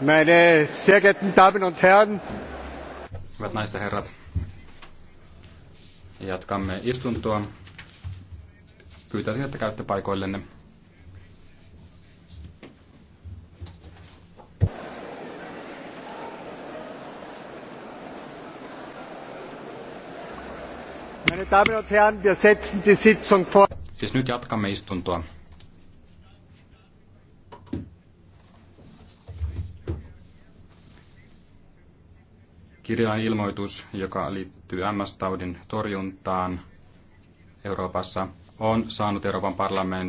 Meine sehr geehrten Damen und Herren. Hyvät naiset ja herrat, jatkamme istuntoa. Pyytäisin, että käytte paikoillenne. Meine Damen und Herren, wir setzen die Sitzung fort. Siis nyt jatkamme istuntoa. kirjallinen ilmoitus, joka liittyy MS-taudin torjuntaan Euroopassa, on saanut Euroopan parlamentin